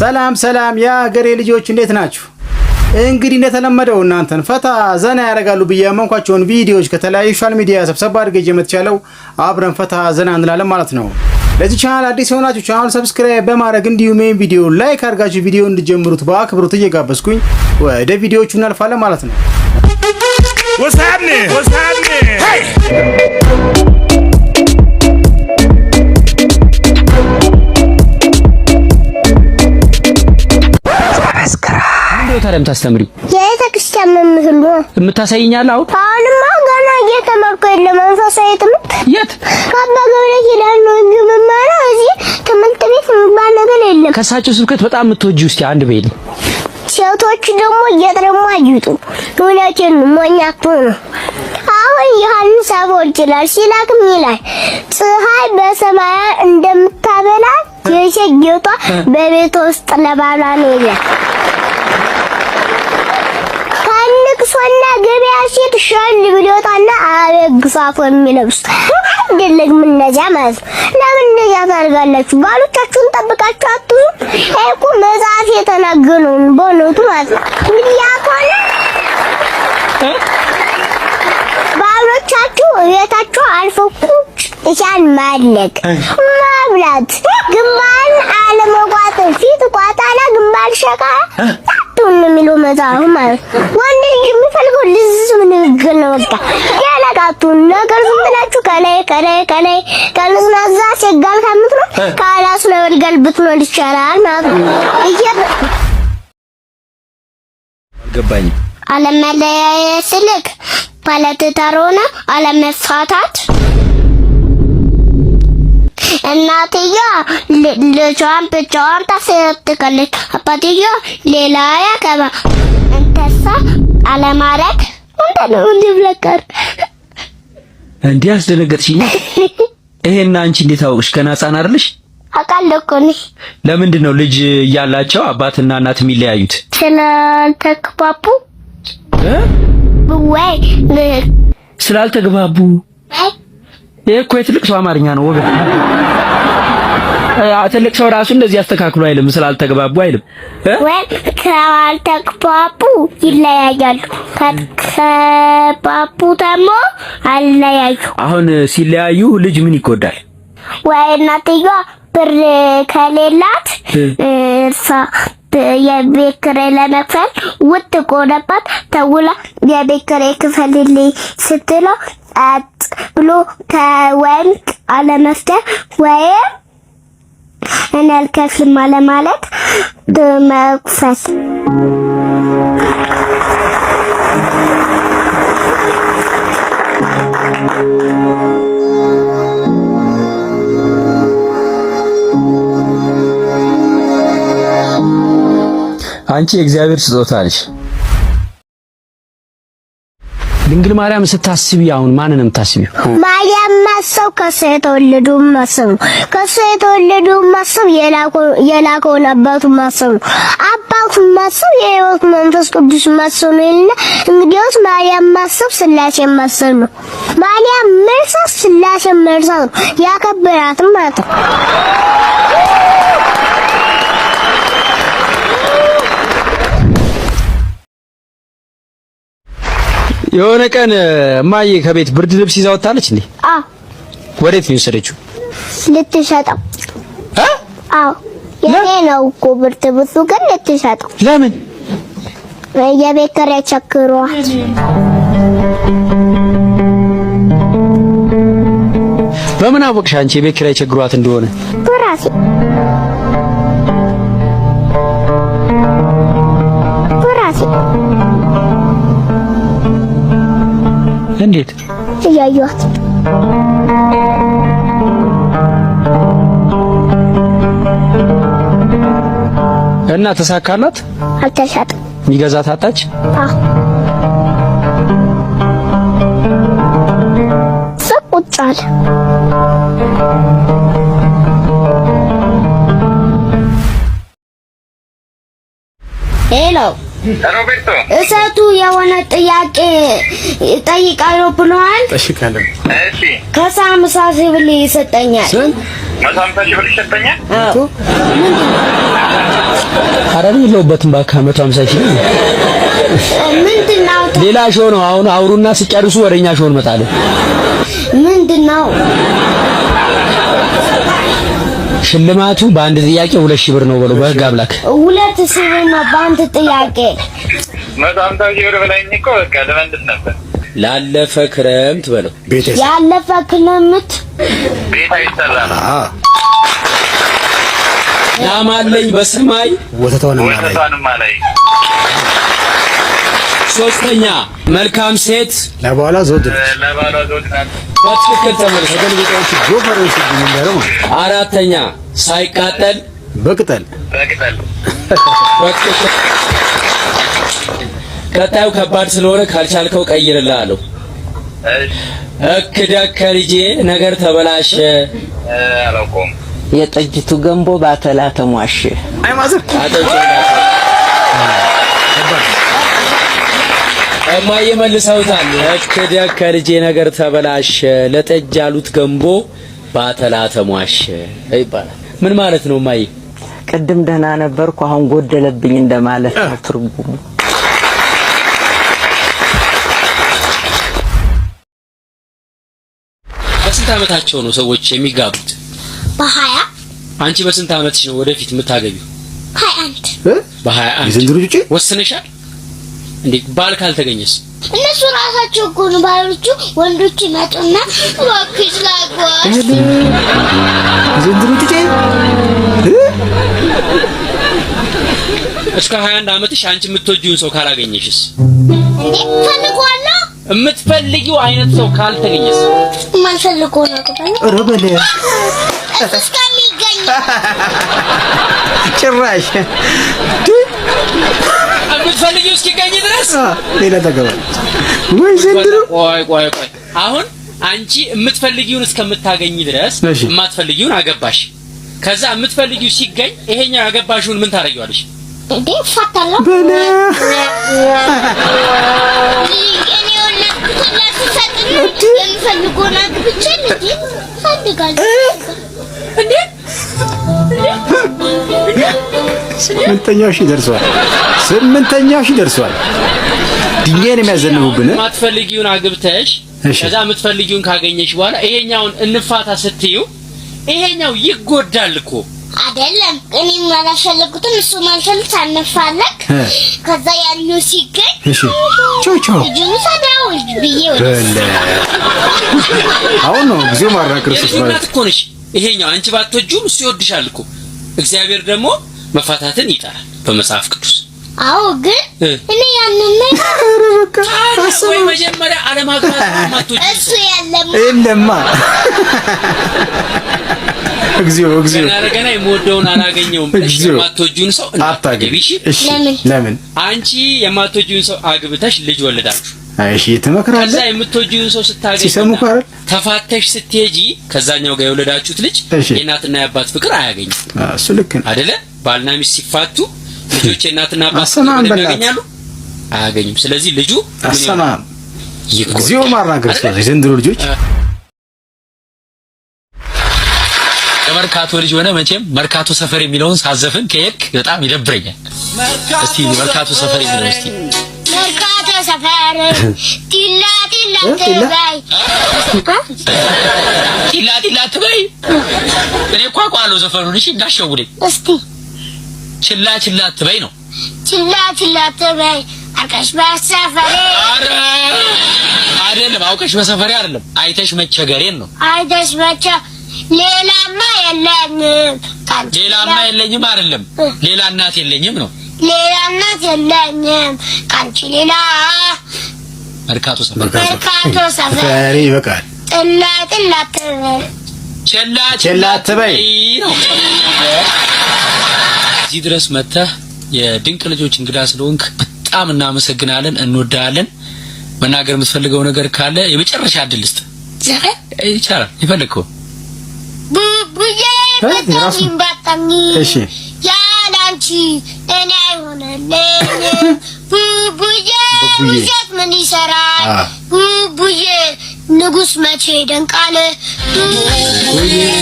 ሰላም ሰላም የአገሬ ልጆች እንዴት ናችሁ? እንግዲህ እንደተለመደው እናንተን ፈታ ዘና ያደርጋሉ ብዬ ያመንኳቸውን ቪዲዮዎች ከተለያዩ ሶሻል ሚዲያ ሰብሰባ አድርገ የምትቻለው አብረን ፈታ ዘና እንላለን ማለት ነው። ለዚህ ቻናል አዲስ የሆናችሁ ቻናል ሰብስክራይብ በማድረግ እንዲሁም ይህን ቪዲዮ ላይክ አድርጋችሁ ቪዲዮ እንድጀምሩት በአክብሮት እየጋበዝኩኝ ወደ ቪዲዮዎቹ እናልፋለን ማለት ነው። ነው ታዲያ የምታስተምሪው? የቤተክርስቲያን መምህር ነው። የምታሳይኛለህ አሁን? አሁንማ ገና እየተመርኩ የለ መንፈሳዊ ትምህርት የት ከአባ ገብረ ኪዳን ነው እንጂ የምማረው እዚህ ትምህርት ቤት የሚባል ነገር የለም። ከእሳቸው ስብከት በጣም የምትወጂው እስኪ አንድ በይል። ሴቶች ደግሞ እየጠረሙ አይጡ እውነቴን ሞኛ እኮ ነው። አሁን ዮሐንስ አፈወርቅ ይላል ሲላክም ይላል ፀሐይ በሰማይ እንደምታበላ የሴት በቤት ውስጥ ለባሏ ነው ይላል። ለቅሶና ገበያ ሴት ሸል ብሎታና አበግሳፎ የሚለብሱት አይደለም። እነዚያ ማለት ነው። ለምን ነጃ ታደርጋላችሁ? ባሎቻችሁን ጠብቃችሁ አትዙ። እኮ መጽሐፍ የተናገረውን በእውነቱ ማለት ነው። እንግዲህ ያ ከሆነ ባሎቻችሁ እቤታችሁ አልፈው ቁጭ እሻን ማለቅ ማብላት፣ ግማን አለመቋጠር፣ ፊት ቋጣና ግንባር ሸቃ ታቱን የሚለው መጽሐፍ ማለት ነው። ልዝም ንግግር ነው። በቃ ያለቃቱን ነገር ዝም ብላችሁ ከላይ ከላይ ከላይ ከንዝናዛ ሲጋል ከምትሉ ካላስ ነው ልገልብት ነው ይቻላል ማለት ነው። አልገባኝም። አለመለያየት ስልክ ባለትዳር ሆነ አለመፋታት እናትያ ልጇን ብቻዋን ታስረግጣለች። አባትያ ሌላ ያገባ እንተሳ አለማድረግ ምንድነው? እንዲብለቀር እንዴ አስደነገጥሽኝ። ይሄና አንቺ እንዴት አወቅሽ? ገና ህጻን አይደለሽ? አውቃለሁ እኮ እኔ። ለምንድን ነው ልጅ እያላቸው አባትና እናት የሚለያዩት? ስላልተግባቡ ወይ ስላልተግባቡ። ይሄ እኮ የትልቅ ሰው አማርኛ ነው ወገን ትልቅ ሰው ራሱ እንደዚህ አስተካክሉ አይልም፣ ስላልተግባቡ አይልም። ወይ ካልተግባቡ ይለያያሉ፣ ከተግባቡ ደግሞ አለያዩ። አሁን ሲለያዩ ልጅ ምን ይጎዳል? ወይ እናትየዋ ብር ከሌላት እርሷ የቤት ኪራይ ለመክፈል ውጥ ቆነባት ተውላ የቤት ኪራይ ክፈልልኝ ስትለው አጥ ብሎ ከወንቅ አለመፍጠር ወይም እኔ አልከፍልም ማለት መክፈል አንቺ የእግዚአብሔር ስጦታ ነሽ። ድንግል ማርያም ስታስቢ አሁን ማንን ነው ማርያም ማሰብ ከእሱ የተወለዱ ማሰብ ነው። ከእሱ የተወለዱ ማሰብ የላከውን አባቱ ማሰብ ነው። አባቱ ማሰብ የሕይወት መንፈስ ቅዱስ ማሰብ ነው ይልና እንግዲያውስ ማርያም ማሰብ ስላሴ ማሰብ ነው። ማርያም መርሳት ስላሴ መርሳት ነው። ያከበራትም ማለት ነው። የሆነ ቀን እማዬ ከቤት ብርድ ልብስ ይዛ ወጣለች እንዴ? አዎ። ወዴት ነው የወሰደችው? ልትሸጠው። አዎ የኔ ነው እኮ ብርድ ልብሱ ግን ልትሸጠው። ለምን? የቤት ኪራይ ቸግሯል። በምን አወቅሽ አንቺ የቤት ኪራይ ቸግሯት እንደሆነ? በራሴ በራሴ እንዴት እያየኋት እና ተሳካላት? አልተሻጠ። የሚገዛት ታጣች? አዎ። ቁጭ አለ። ሄሎ እሰቱ የሆነ ጥያቄ ጠይቃለሁ ብለዋል። ጠይቃለሁ። እሺ ከሳም ሳስ ብል ይሰጠኛል። መሳም ሳስ አረብ የለውበትም። እባክህ መቶ ሃምሳ ሺህ ምንድን ነው? ሌላ ሾው ነው። አሁን አውሩና ሲጨርሱ ወደኛ ሾው እንመጣለን። ምንድን ነው? ሽልማቱ በአንድ ጥያቄ ሁለት ሺህ ብር ነው ብሎ በህግ አምላክ ሁለት ሺህ ብር ነው በአንድ ጥያቄ። ብር እኮ ላለፈ ክረምት በለው ያለፈ ክረምት ቤት አይሰራም። ላማለኝ በሰማይ ወተቷንም አላይ ሶስተኛ መልካም ሴት ለባሏ ዘውድ ናት። በትክክል ተመልሰህ። አራተኛ ሳይቃጠል በቅጠል። ቀጣዩ ከባድ ስለሆነ ካልቻልከው ቀይርልሃለሁ። እክደክ ከልጄ ነገር ተበላሸ። የጠጅቱ ገንቦ ባተላ ተሟሸ። እማዬ መልሰውታል። እክደህ ከልጄ ነገር ተበላሸ፣ ለጠጅ አሉት ገንቦ ባተላ ተሟሸ ይባላል። ምን ማለት ነው እማዬ? ቅድም ደህና ነበርኩ፣ አሁን ጎደለብኝ እንደማለት ነው ትርጉሙ። በስንት አመታቸው ነው ሰዎች የሚጋቡት? በሀያ አንቺ በስንት አመትሽ ነው ወደፊት የምታገቢው? ሀያ አንድ በሀያ አንድ ዘንድሮ ወስነሻል? እንዴ ባል ካልተገኘስ? እነሱ ራሳቸው እኮ ነው ባሎቹ። ወንዶች ይመጡና እባክሽ ላግባሽ ዘንድሮ ትጨ እስከ 21 ዓመትሽ አንቺ የምትወጂውን ሰው ካላገኘሽስ? እንዴ የምትፈልጊው አይነት ሰው ካልተገኘስ? ማን ፈልጎ ነው ረበለ እስከሚገኝ ጭራሽ የምትፈልጊው እስኪገኝ ድረስ ሌላ ተገባ ወይ ዘንድሮ። ቆይ ቆይ ቆይ አሁን አንቺ የምትፈልጊውን እስከምታገኝ ድረስ የማትፈልጊውን አገባሽ። ከዛ የምትፈልጊው ሲገኝ ይሄኛው ያገባሽውን ምን ታደርጊዋለሽ? እንዴ እፋታለሁ ስምንተኛው ሺህ ደርሷል። ስምንተኛው ሺህ ደርሷል። ድንጋይን የሚያዘንቡብን የማትፈልጊውን አግብተሽ ከዛ የምትፈልጊውን ካገኘሽ በኋላ ይሄኛውን እንፋታ ስትዩ ይሄኛው ይጎዳል እኮ አይደለም። እኔም አላፈለጉትም እሱ ማልፈልግ ሳንፋለግ ከዛ ያኛው ሲገኝ ቾቾ አሁን ነው ጊዜው ማራ ክርስቶስ ማለት እኮ ነሽ። ይሄኛው አንቺ ባትወጁም እሱ ይወድሻል እኮ እግዚአብሔር ደግሞ መፋታትን ይጠራል በመጽሐፍ ቅዱስ። አዎ ግን እኔ ያንን ወይ መጀመሪያ ዓለም እሱ ያለማ የለማ እግዚኦ እግዚኦ ገና የምወደውን አላገኘውም። እሺ የማትወጂውን ሰው አታገቢ። እሺ ለምን ለምን አንቺ የማትወጂውን ሰው አግብተሽ ልጅ ወለዳችሁ እሺ ትመክራለህ። ከዛ የምትወጂውን ሰው ስታገኝ ተፋተሽ ስትሄጂ ከዛኛው ጋር የወለዳችሁት ልጅ የእናትና የአባት ፍቅር አያገኝም። እሱ ልክ ነው አይደለ? ባልና ሚስት ሲፋቱ ልጆች የእናትና አባት ፍቅር ያገኛሉ? አያገኙም። ስለዚህ ልጁ አሰማም ይቆዚዮ ማራገር ስለዚህ ዘንድሮ ልጆች መርካቶ ልጅ ሆነ መቼም መርካቶ ሰፈር የሚለውን ሳዘፍን ከሄድክ በጣም ይደብረኛል። እስቲ መርካቶ ሰፈር የሚለውን እስቲ ሰፈር ጢላ ጢላ ትበይ እኔ እኮ አውቀዋለሁ ዘፈኑን። እሺ እንዳሸውልኝ እስቲ። ችላ ችላ ትበይ ነው። ችላ ችላ ትበይ አውቀሽ በሰፈሬ አይደለም። አውቀሽ በሰፈሬ አይደለም። አይተሽ መቸገሬን ነው። አይተሽ መቸ ሌላማ የለኝም ሌላማ የለኝም አይደለም። ሌላ እናት የለኝም ነው ሌላ እናት የለኝም ከአንቺ ሌላ። መርካቶ ሰፈር ይበቃል። ጥላ ጥላ አትበል፣ ቸላ ቸላ አትበይ። እዚህ ድረስ መጥተህ የድንቅ ልጆች እንግዳ ስለሆንክ በጣም እናመሰግናለን፣ እንወዳለን። መናገር የምትፈልገው ነገር ካለ የመጨረሻ እድል ስጥ። ዘፈን ይቻላል፣ የፈለግከው ቡቡዬ በጣም ይንባጣሚ እሺ Çi nenay ona nene bu bu ye uzat mı nisaray bu bu ye nugus ah. maçeden kale bu ye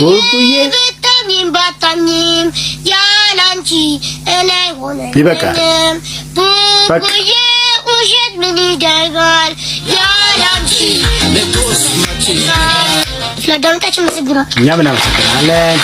bu ye vitamin vitamin yalançı elay ona bir bakar bu bu ye uzat mı nisaray ስለአዳመጣችሁ መሰግናል። እኛም እናመሰግናለን።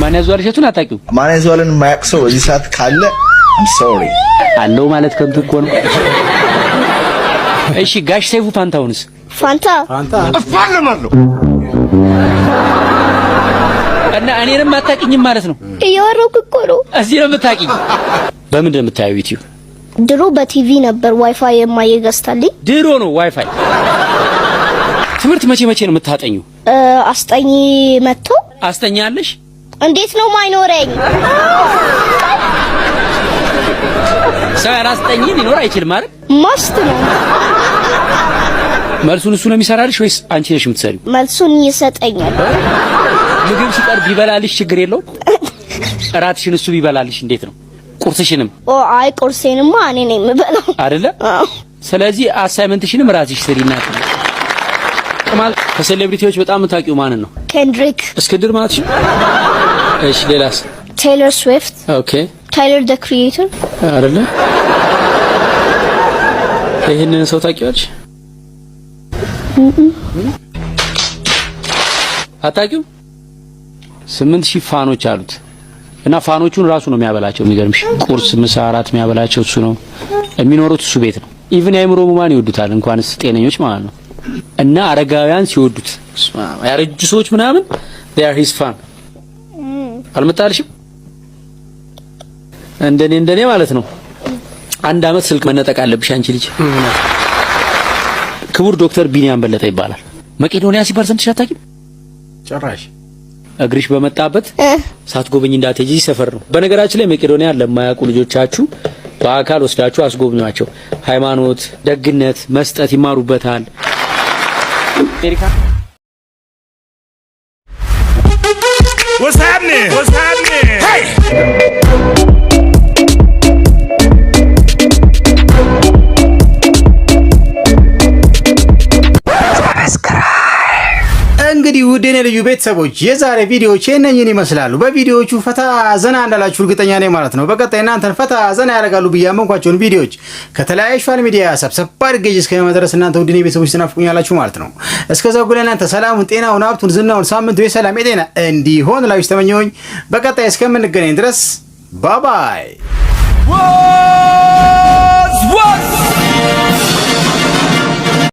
ማን ያዟል እሸቱን አታውቂው? ማን ያዟልን የማያውቅ ሰው እዚህ ሰዓት ካለ ሶሪ አለው ማለት ከንቱ እኮ ነው። እሺ ጋሽ ሰይፉ ፋንታሁንስ? ፋንታ እፋለማለሁ እና እኔንም አታውቂኝም ማለት ነው። እያወራሁ እኮ ነው። እዚህ ነው የምታውቂኝ። በምንድን ነው የምታየው ዩቲዩብ ድሮ በቲቪ ነበር ዋይፋይ የማየገዝታልኝ። ድሮ ነው ዋይፋይ። ትምህርት መቼ መቼ ነው የምታጠኙ? አስጠኝ መጥቶ አስጠኛለሽ። እንዴት ነው ማይኖረኝ? ሰው ያላስጠኝ ሊኖር አይችልም ማለት ማስት ነው። መልሱን እሱ ነው የሚሰራልሽ ወይስ አንቺ ነሽ የምትሰሪው? መልሱን ይሰጠኛል። ምግብ ሲቀርብ ቢበላልሽ ችግር የለውም። እራትሽን እሱ ቢበላልሽ እንዴት ነው? ቁርስሽንም? ኦ አይ ቁርሴንማ እኔ ነኝ የምበላው አይደለ? ስለዚህ አሳይመንትሽንም ራስሽ ስሪና ከማል ከሴሌብሪቲዎች በጣም የምታውቂው ማንን ነው? ኬንድሪክ እስክንድር ማለት ነው። እሺ ሌላስ? ቴይለር ስዊፍት። ኦኬ ታይለር ዘ ክሪኤተር አይደለ? ይህንን ሰው ታውቂዋለሽ? አታውቂውም? ስምንት ሺህ ፋኖች አሉት። እና ፋኖቹን ራሱ ነው የሚያበላቸው። የሚገርምሽ ቁርስ፣ ምሳ፣ የሚያበላቸው እሱ ነው። የሚኖሩት እሱ ቤት ነው። ኢቭን የአእምሮ ሙማን ይወዱታል፣ እንኳንስ ጤነኞች ማለት ነው። እና አረጋውያን ሲወዱት ያረጁ ሰዎች ምናምን they are his fan አልመጣልሽም? እንደኔ እንደኔ ማለት ነው። አንድ አመት ስልክ መነጠቅ አለብሽ አንቺ ልጅ። ክቡር ዶክተር ቢኒያም በለጠ ይባላል። መቄዶንያ ሲባል ሰምተሽ አታውቂም ጭራሽ እግርሽ በመጣበት ሳትጎበኝ እንዳትሄጂ ሰፈር ነው። በነገራችን ላይ መቄዶንያ ለማያውቁ ልጆቻችሁ በአካል ወስዳችሁ አስጎብኟቸው። ሃይማኖት፣ ደግነት፣ መስጠት ይማሩበታል። አሜሪካ እንግዲህ ውድ የኔ ልዩ ቤተሰቦች የዛሬ ቪዲዮዎች የእነኝን ይመስላሉ። በቪዲዮዎቹ ፈታ ዘና እንዳላችሁ እርግጠኛ ነኝ ማለት ነው። በቀጣይ እናንተን ፈታ ዘና ያደርጋሉ ብዬ ያመንኳቸውን ቪዲዮዎች ከተለያዩ ሶሻል ሚዲያ ሰብሰብ አድርጌ እስከ መድረስ እናንተ ውድ የኔ ቤተሰቦች ትናፍቁኛላችሁ ማለት ነው። እስከዛ ጉላ እናንተ ሰላሙን፣ ጤናውን፣ ሀብቱን፣ ዝናውን ሳምንቱ የሰላም የጤና እንዲሆን ላዊች ተመኘሁኝ። በቀጣይ እስከምንገናኝ ድረስ ባባይ